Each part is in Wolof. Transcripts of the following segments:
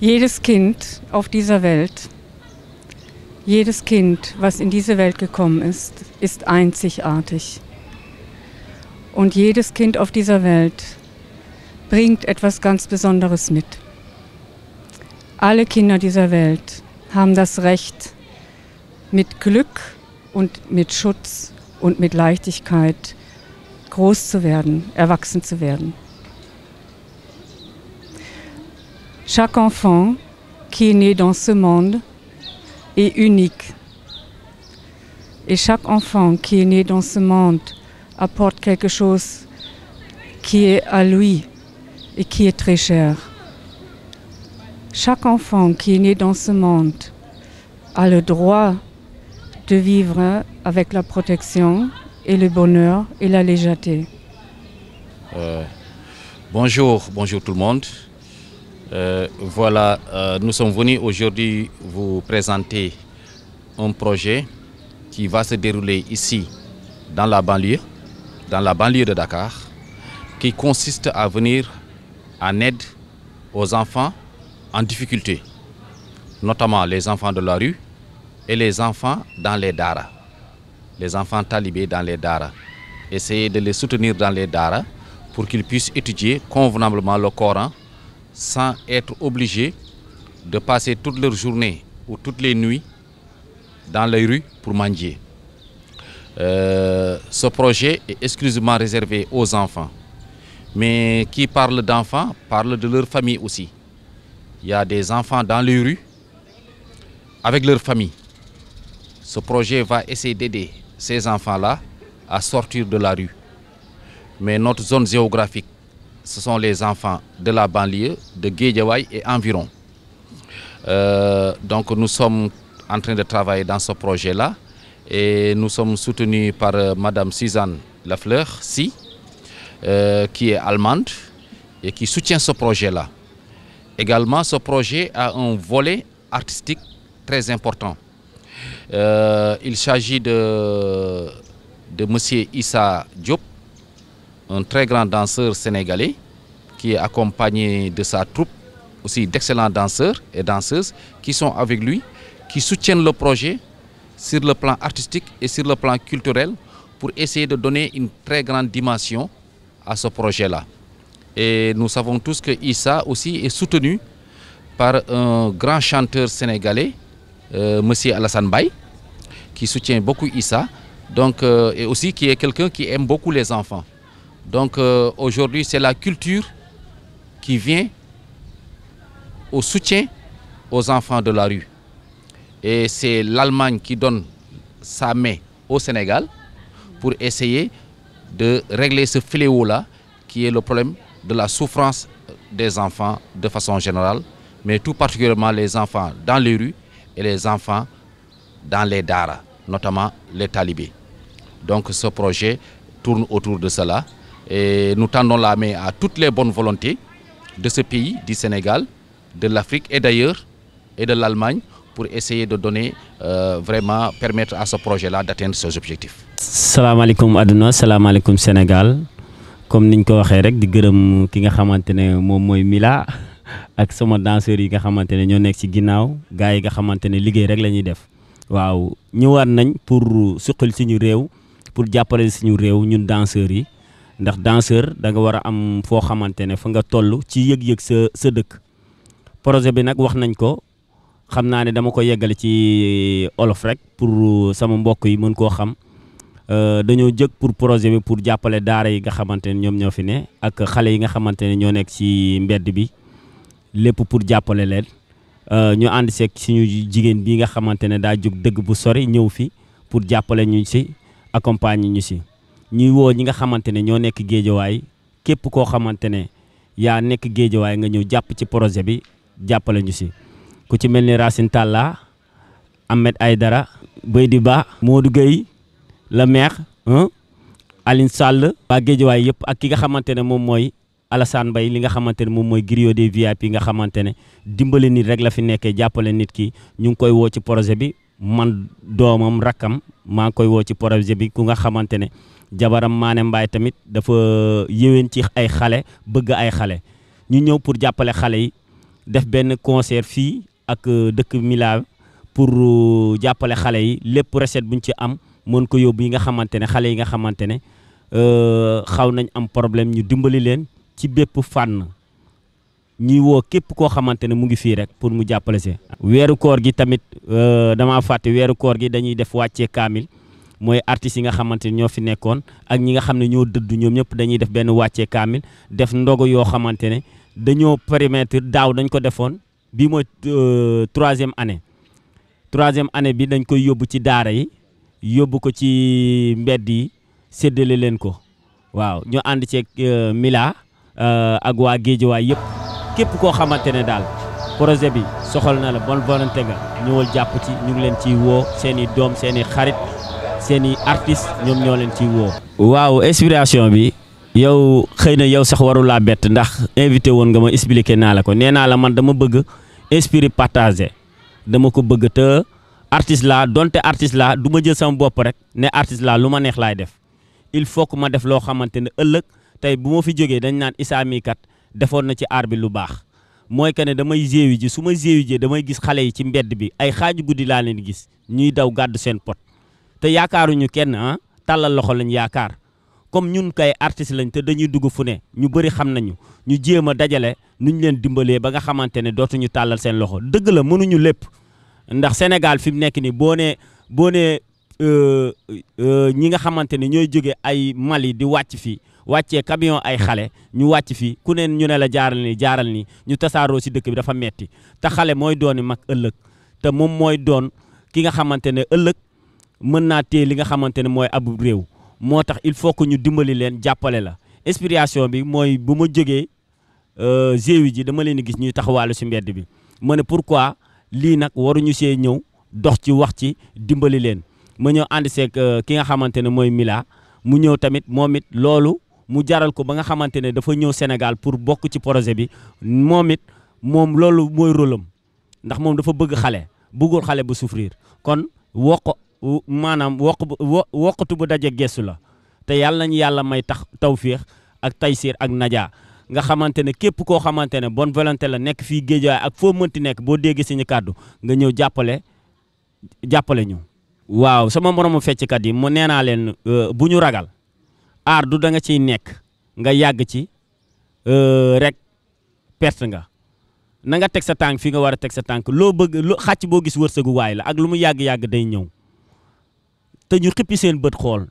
Jedes Kind auf dieser Welt, jedes Kind, was in diese Welt gekommen ist, ist einzigartig. Und jedes Kind auf dieser Welt bringt etwas ganz Besonderes mit. Alle Kinder dieser Welt haben das Recht, mit Glück und mit Schutz und mit Leichtigkeit groß zu werden, erwachsen zu werden. Chaque enfant qui est né dans ce monde est unique. Et chaque enfant qui est né dans ce monde apporte quelque chose qui est à lui et qui est très cher. Chaque enfant qui est né dans ce monde a le droit de vivre avec la protection et le bonheur et la légèreté. Euh, bonjour, bonjour tout le monde. Euh, voilà, euh, nous sommes venus aujourd'hui vous présenter un projet qui va se dérouler ici, dans la banlieue. dans la banlieue de Dakar qui consiste à venir en aide aux enfants en difficulté, notamment les enfants de la rue et les enfants dans les daara, les enfants talibés dans les daara. Essayer de les soutenir dans les daara pour qu'ils puissent étudier convenablement le Coran sans être obligés de passer toute leur journée ou toutes les nuits dans les rues pour mendier. Euh, ce projet est exclusivement réservé aux enfants. Mais qui parle d'enfants parle de leur famille aussi. Il y a des enfants dans les rues avec leur famille. Ce projet va essayer d'aider ces enfants-là à sortir de la rue. Mais notre zone géographique, ce sont les enfants de la banlieue, de Guédiawaye et environ. Euh, donc nous sommes en train de travailler dans ce projet-là. et nous sommes soutenus par euh, Madame Suzanne Lafleur, si, euh, qui est allemande et qui soutient ce projet-là. Également, ce projet a un volet artistique très important. Euh, il s'agit de, de Monsieur Issa Diop, un très grand danseur sénégalais qui est accompagné de sa troupe, aussi d'excellents danseurs et danseuses qui sont avec lui, qui soutiennent le projet sur le plan artistique et sur le plan culturel pour essayer de donner une très grande dimension à ce projet-là. Et nous savons tous que Issa aussi est soutenu par un grand chanteur sénégalais, euh, Monsieur Alassane Baye, qui soutien beaucoup Issa, donc, euh, et aussi qui est quelqu'un qui aime beaucoup Donc euh, aujourd'hui, c'est la culture qui vient au soutien aux enfants de la rue. Et c'est l'Allemagne qui donne sa mai au Sénégal pour essayer de régler ce fléau-là qui est le problème de la souffrance des enfants de façon générale, mais tout particulièrement les enfants dans les rues et les enfants dans les daras, notamment les talibés. Donc ce projet tourne autour de cela et nous tendons la mai à toutes les bonnes volontés de ce pays, du Sénégal, de l'Afrique et d'ailleurs, et de l'Allemagne pour essayer de donner euh, vraiment permettre à ce projet-là d'atteindre ses objectifs. salaamaaleykum àdduna salaamaaleykum Sénégal comme niñ ko waxee rek di gërëm ki nga xamante ne moom mooy Mila ak sama danseurs yi nga xamante ne ñoo nekk ci ginnaaw gars yi nga xamante ne liggéey rek lañuy def waaw ñëwaat nañ pour suqal suñu réew pour jàppale suñu réew ñun danseurs yi ndax danseur da nga war a am foo xamante ne fa nga toll ci yëg-yëg sa sa dëkk projet bi nag wax nañ ko. xam naa ne dama ko yeggale ci euh, olof rek pour euh, sama mbokk yi mën koo xam euh, dañoo jëkk pour projet bi pour jàppale daara yi nga xamante ne ñoom ñoo fi ne ak xale yi nga xamante ne ñoo nekk ci mbedd bi lépp pour jàppale leen ñu ànd seeg suñu jigéen bi nga xamante ne daa jóg dëgg bu sori ñëw fi pour jàppale ñu si accompagner ñu si ñuy woo ñi nga xamante ne ñoo nekk géejawaay képp koo xamante ne yaa nekk géejawaay nga ñëw jàpp ci projet bi jàppale ñu si ku ci mel ni Racine Talla Ahmed Aydara Baydi Ba Modou Gueye le maire Aline Sall waa Géejawaay yëpp ak ki nga xamante ne moom mooy Alassane Mbaye li nga xamante ne moom mooy griot des VIP nga xamante ne dimbale nit rek la fi nekkee jàppale nit ki ñu ngi koy woo ci projet bi man doomam rakkam maa ngi koy woo ci projet bi ku nga xamante ne jabaram maane mbaay tamit dafa yéwén ci ay xale bëgg ay xale ñu ñëw pour jàppale xale yi def benn concert fii ak euh, dëkk Mila pour euh, jàppale xale yi lépp recette bu ñu ci am mën ko yóbbu yi nga xamante ne xale yi nga xamante ne euh, xaw nañ am problème ñu dimbali leen ci bépp fànn ñuy woo képp koo xamante ne mu ngi fii rek pour mu jàppale si. weeru koor gi tamit dama fàtte weeru koor gi dañuy def wàccee kaamil mooy artistes yi nga xamante ne ñoo fi nekkoon ak ñi nga xam ne ñoo dëdd ñoom ñëpp dañuy def benn wàccee kaamil def ndogo yoo xamante ne dañoo permettre daaw dañ ko defoon. bii mooy euh, troisième année troisième année bi dañ koy yóbbu ci daara yi yóbbu ko ci mbedd yi séddale leen ko waaw ñu ànd ceeg euh, Mila euh, ak waa Géejawaay yëpp képp koo xamante ne daal projet bi soxal na la bonne volonté nga ñëwal jàpp ci ñu leen ciy woo seen i doom seen i xarit seen i artiste ñoom ñoo leen ciy woo. waaw inspiration bi. yow xëy na yow sax warulaa bett ndax invité woon nga ma expliqué naa la ko nee naa la man dama bëgg. esprit partagé dama ko bëgg të artiste laa donte artiste laa duma jël sama bopp rek ne artiste laa lu ma neex laay def il faut que ma def loo xamante ne ëllëg tey bu ma fi jógee dañ naan Issa mii defoon na ci aar bi lu baax mooy que ne damay jéewi ji su ma jéewi ji damay gis xale yi ci mbedd bi ay xaaj guddi laa leen gis ñuy daw gàddu seen pot te yaakaaruñu kenn ah, tàllal loxo lañ yaakaar comme ñun kay artiste lañ te dañuy dugg fu ne ñu bëri xam nañu ñu jéem a dajale nu ñu leen dimbalee ba nga xamante ne dootuñu tàllal seen loxo dëgg la mënuñu lépp ndax Sénégal fi mu nekk nii boo nee boo nee euh, euh, ñi nga xamante ne ñooy jóge ay Mali di wàcc fii wàccee camion ay xale ñu wàcc fii ku neen ñu ne la jaaral nii jaaral nii ñu tasaaroo si dëkk bi dafa metti te xale mooy dooni mag ëllëg te moom mooy doon ki nga xamante ne ëllëg mën naa téye li nga xamante ne mooy abub réew moo tax il faut que ñu dimbali leen jàppale la inspiration bi mooy bu ma jógee euh, GIE ji dama leen gis ñuy taxawaalu si mbedd bi ma ne pourquoi lii nag waruñu see ñëw dox ci wax ci dimbali leen ma ñëw ànd seeg euh, ki nga xamante ne mooy Mila mu ñëw tamit moom it loolu mu jaral ko ba nga xamante ne dafa ñëw Sénégal pour bokk ci projet bi moom it moom loolu mooy rôle ndax moom dafa bëgg xale bëggul xale bu souffrir kon woo maanaam woq woqatu bu daje gestu la te yàlla nañu yàlla may tax tawféex ak taysiir ak najaa nga xamante ne képp koo xamante ne bonne volonté la nekk fii géejawaay ak foo mënti nekk boo déggee suñu kàddu nga ñëw jàppale jàppale ñu. waaw sama moromu fecckat yi mu nee naa leen euh, bu ñu ragal aar du da nga ciy nekk nga yàgg ci euh, rek perte nga. na nga teg sa tànk fi nga war a teg sa tànk loo bëgg lu xàcc boo gis wërsëgu waay la ak lu mu yàgg-yàgg day ñëw te ñu xippi seen bët xool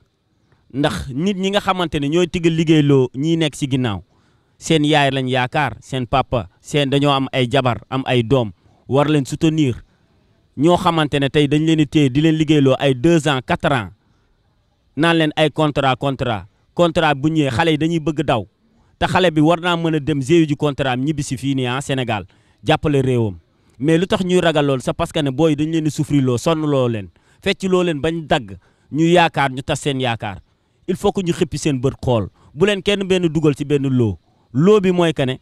ndax nit ñi nga xamante ne ñooy tigal liggéeyloo ñii nekk ci ginnaaw seen yaay lañ yaakaar seen papa seen dañoo am ay jabar am ay doom war leen soutenir ñoo xamante ne tey dañ leen di téye di leen liggéeyloo ay deux ans quatre ans naan leen ay contrat contrat contrat bu ñëwee xale yi dañuy bëgg daw te xale bi war naa mën a dem géeyu ji contrat am ñibbi si fii nii ah Sénégal jàppale réewam mais lu tax ñuy ragal lool c'est parce que ne booy dañ leen di souffrir sonn loo leen fecc loo leen bañ dagg ñu yaakaar ñu tas seen yaakaar il faut que ñu xëppi seen bët xool bu leen kenn benn dugal ci benn loo loo bi mooy que ne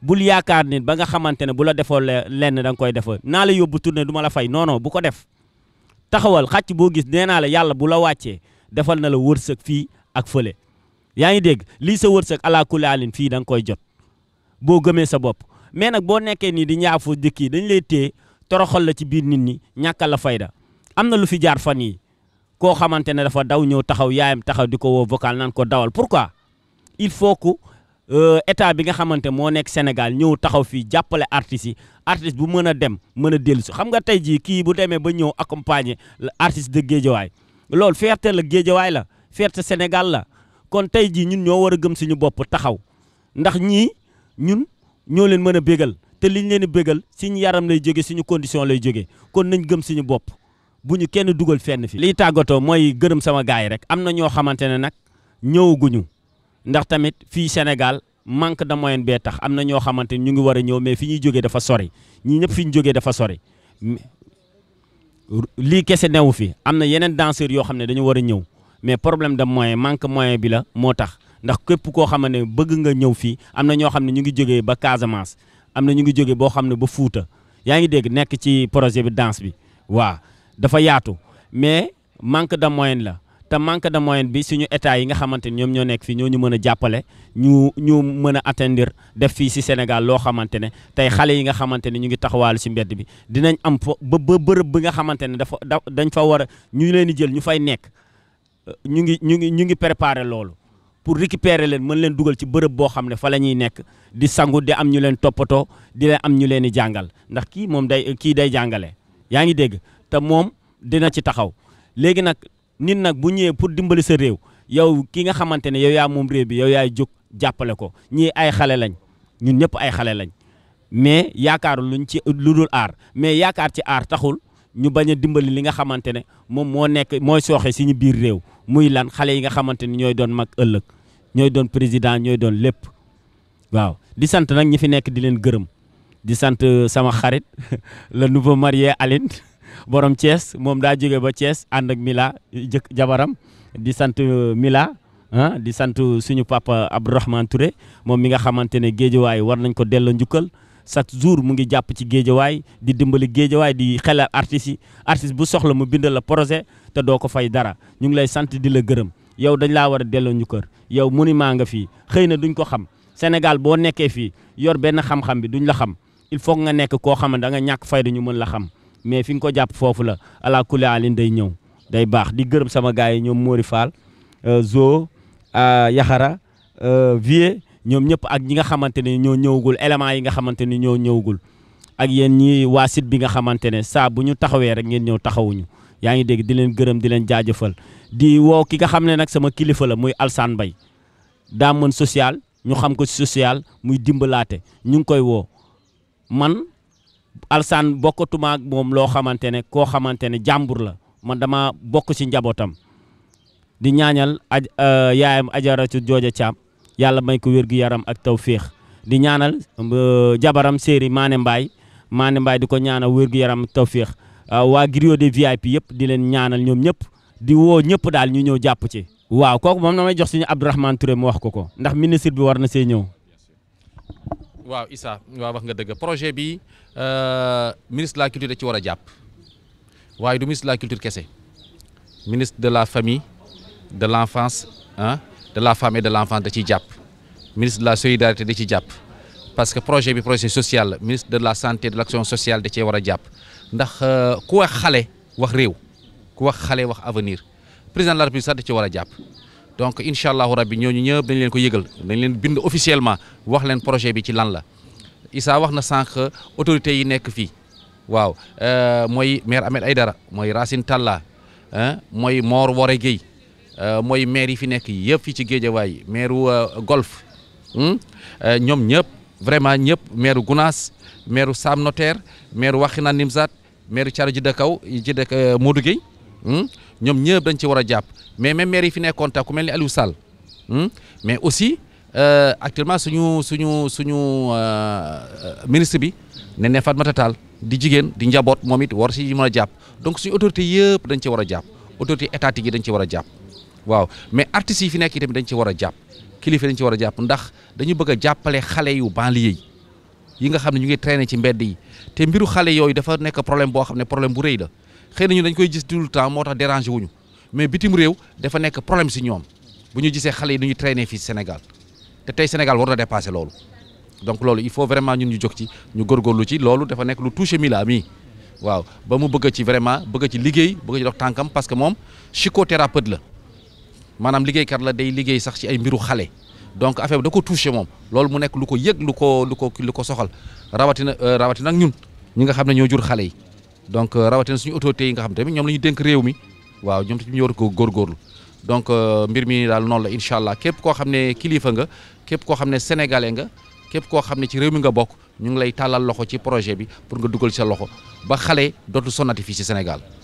bul yaakaar nit ba nga xamante ne bu la defoo lenn danga koy defoo naa la yóbbu tournée du ma la fay noonoo non bu ko def taxawal xàcc boo gis nee naa la yàlla bu la wàccee defal na la wërsëg fii ak fële yaa ngi dégg lii sa wërsëg ala kulli fii da nga koy jot boo gëmee sa bopp mais nag boo nekkee nii di ñaafu dëkk yi dañ lay téye toroxal la ci biir nit ñi ñàkkal la fayda am na lu fi jaar fan yi koo xamante ne dafa daw ñëw taxaw yaayam taxaw di ko woo vocal naan ko dawal pourquoi il faut que euh, état bi nga xamante moo nekk Sénégal ñëw taxaw fii jàppale artistes yi artiste bu mën a dem mën a dellu si xam nga tey jii kii bu demee ba ñëw accompagner artiste de Guédiawaye loolu fierté la Guédiawaye la fierté Sénégal la kon tey jii ñun ñoo war a gëm suñu bopp taxaw ndax ñii ñun ñoo leen mën a bégal te liñ leen di bégal suñu yaram lay jóge suñu condition lay jóge kon nañ gëm suñu bopp bu ñu kenn dugal fenn fi liy tàggatoo mooy gërëm sama gars yi rek am na ñoo xamante ne nag ñëwaguñu ndax tamit fii Sénégal manque de moyen bee tax am na ñoo xamante ñu ngi war a ñëw mais fi ñuy jógee dafa sori ñii ñëpp fi ñu jógee dafa sori lii kese newu fi am na yeneen danseurs yoo xam ne dañu war a ñëw mais problème de moyen manque moyen bi la moo tax ndax képp koo xam ne bëgg nga ñëw fii am na ñoo xam ne ñu ngi jógee ba Casamance am na ñu ngi jógee boo xam ne ba Fuuta yaa ngi dégg nekk ci projet bi danse bi waa dafa yaatu mais manque de moyen la te manque de moyen bi suñu état yi nga xamante ni ñoom ñoo nekk fii ñoo ñu mën a jàppale ñu ñu mën a atteindre def fii si Sénégal loo xamante ne tey xale yi nga xamante ne ñu ngi taxawaalu si mbedd bi dinañ am fa ba ba bërëb bi nga xamante ne dafa dañ fa war a ñu leen di jël ñu fay nekk ñu ngi ñu ngi ñu ngi préparer loolu pour récupérer leen mën leen dugal ci bërëb boo xam ne fa la ñuy nekk di sangu di am ñu leen toppatoo di leen am ñu leen di jàngal ndax kii moom day kii day jàngale yaa ngi dégg te moom dina ci taxaw léegi nag nit nag bu ñëwee pour dimbali sa réew yow ki nga xamante ne yow yaa moom réew bi yow yaay jóg jàppale ko ñii ay xale lañ ñun ñëpp ay xale lañ mais yaakaar luñ ci lu dul aar mais yaakaar ci aar taxul ñu bañ a dimbali li nga xamante ne moom moo nekk mooy sooxe suñu biir réew muy lan xale yi nga xamante ne ñooy doon mag ëllëg ñooy doon président ñooy doon lépp waaw di sant nag ñi fi nekk di leen gërëm di sant euh, sama xarit le nouveau marié Aline borom Thiès moom daa jóge ba cees ànd ak Mila jëkk jabaram di sant euh, Mila ah di sant suñu papa Abdourahmane Touré moom mi nga xamante ne géejawaay war nañ ko dello njukkal chaque jour mu ngi jàpp ci géejawaay di dimbali géejawaay di xelal artistes yi artiste bu soxla mu bindal la projet te doo ko fay dara ñu ngi lay sant di la gërëm yow dañu laa war a delloo njukkal yow maa nga fii xëy na duñ ko xam Sénégal boo nekkee fii yor benn xam-xam bi duñ la xam il faut nga nekk koo xam ne da ñàkk fayda ñu mën la xam mais fi nga ko jàpp foofu la ala kulli alin day ñëw day baax di gërëm sama gars yi ñoom Mori Fall euh, Zo euh, Yaxara euh, Vie ñoom ñëpp ak ñi nga xamante ne ñoo ñëwagul éléments yi nga xamante ne ñoo ñëwagul ak yen ñi waa site bi nga xamante ne saa bu ñu taxawee rek ngeen ñëw taxawuñu yaa ngi dégg di leen gërëm di leen jaajëfal di woo ki nga xam ne nag sama kilifa la muy Alsaan Mbay daa mën social ñu xam ko social muy dimbalaate ñu ngi koy woo man. alsaan bokkatuma ak moom loo xamante ne koo xamante ne jàmbur la man dama bokk ci njabootam di ñaanal aj euh, yaayam ajaratu jooja caam yàlla may ko wér gu yaram ak taw féex di ñaanal euh, jabaram séeri maane mbaay maane mbaay di ko ñaanal wér gu yaram ak taw féex euh, waa griot de VIP yëpp di leen ñaanal ñoom ñëpp di woo ñëpp daal ñu ñëw jàpp ci waaw kooku moom damay jox suñu Abdourahmane mu wax ko ko ndax ministre bi war na see ñëw waaw Issa waa wax nga dëgg projet bi euh, ministre de la culture da ci war a jàpp waaye du ministre de la culture kese ministre de la famille de l' enfance ah de la femme de l' enfance da ciy jàpp ministre de la solidarité da ci jàpp parce que projet bi projet social la ministre de la santé de l' sociale da cee war a jàpp ndax euh, ku wax xale wax réew ku wax xale wax avenir président de la république sax da ci war a jàpp donc incha allahu rabbi ñooñu ñëpp dañ leen ko yëgal dañ leen bind officiellement wax leen projet bi ci lan la Issa wax na sànq autorité yi nekk fii waaw euh, mooy maire ay dara mooy rasin Talla mooy moor Wore Gueye euh, mooy maire yi fi nekk yëpp fii ci Géejawaay maire euh, Golf hmm, ñoom ñëpp vraiment ñëpp maire Gounass maire Sam Notaire maire Waxinaan Nimzaat maire Thiaré Djidda Kaw Djidda moodu géey hmm, ñoom ñëpp dañu ci war a jàpp mais même maire yi fi nekkoon tax ku mel ni Aliou Sall hmm? mais aussi euh, actuellement suñu suñu suñu euh, euh, ministre bi ne ne Fatmata Tall di jigéen di njaboot moom it war si mën a jàpp donc suñu autorité yëpp dañ ci war a jàpp autorité étatique yi dañ ci war a jàpp waaw mais artistes yi fi nekk itamit dañ ci war a jàpp kilifa dañ ci war a jàpp ndax dañu bëgg a jàppale xale yu banlieue yi nga xam ne ñu ngi traîner ci mbedd yi te mbiru xale yooyu dafa nekk problème boo xam ne problème bu rëy la xëy na dañ koy gis tout le temps moo tax dérangé wuñu mais bitim réew dafa nekk problème si ñoom bu ñu gisee xale yi du ñu traîner fii Sénégal te tey Sénégal war na dépasser loolu donc loolu il faut vraiment ñun ñu jog ci ñu góorgóorlu ci loolu dafa nekk lu touché Mila ami waaw ba mu bëgg ci vraiment bëgg ci liggéey bëgg ci dox tànkam parce que moom psychothérapeute la maanaam liggéeykat la day liggéey sax ci ay mbiru xale donc affaire bi da ko touché moom loolu mu nekk lu ko yëg lu ko lu ko lu ko soxal rawatina euh, rawatina ñun ñi nga xam ne ñoo jur xale yi. donc euh, rawatina suñu autorités yi nga xam tamit ñoom la ñu dénk réew mi waaw ñoom tamit ñu war ko góorgóorlu donc euh, mbir mi daal noonu la incha allah képp koo xam ne kilifa nga képp koo xam ne sénégalais nga képp koo xam ne ci réew mi nga bokk ñu ngi lay tàllal loxo ci projet bi pour nga dugal sa loxo ba xale dootu sonati fii ci Sénégal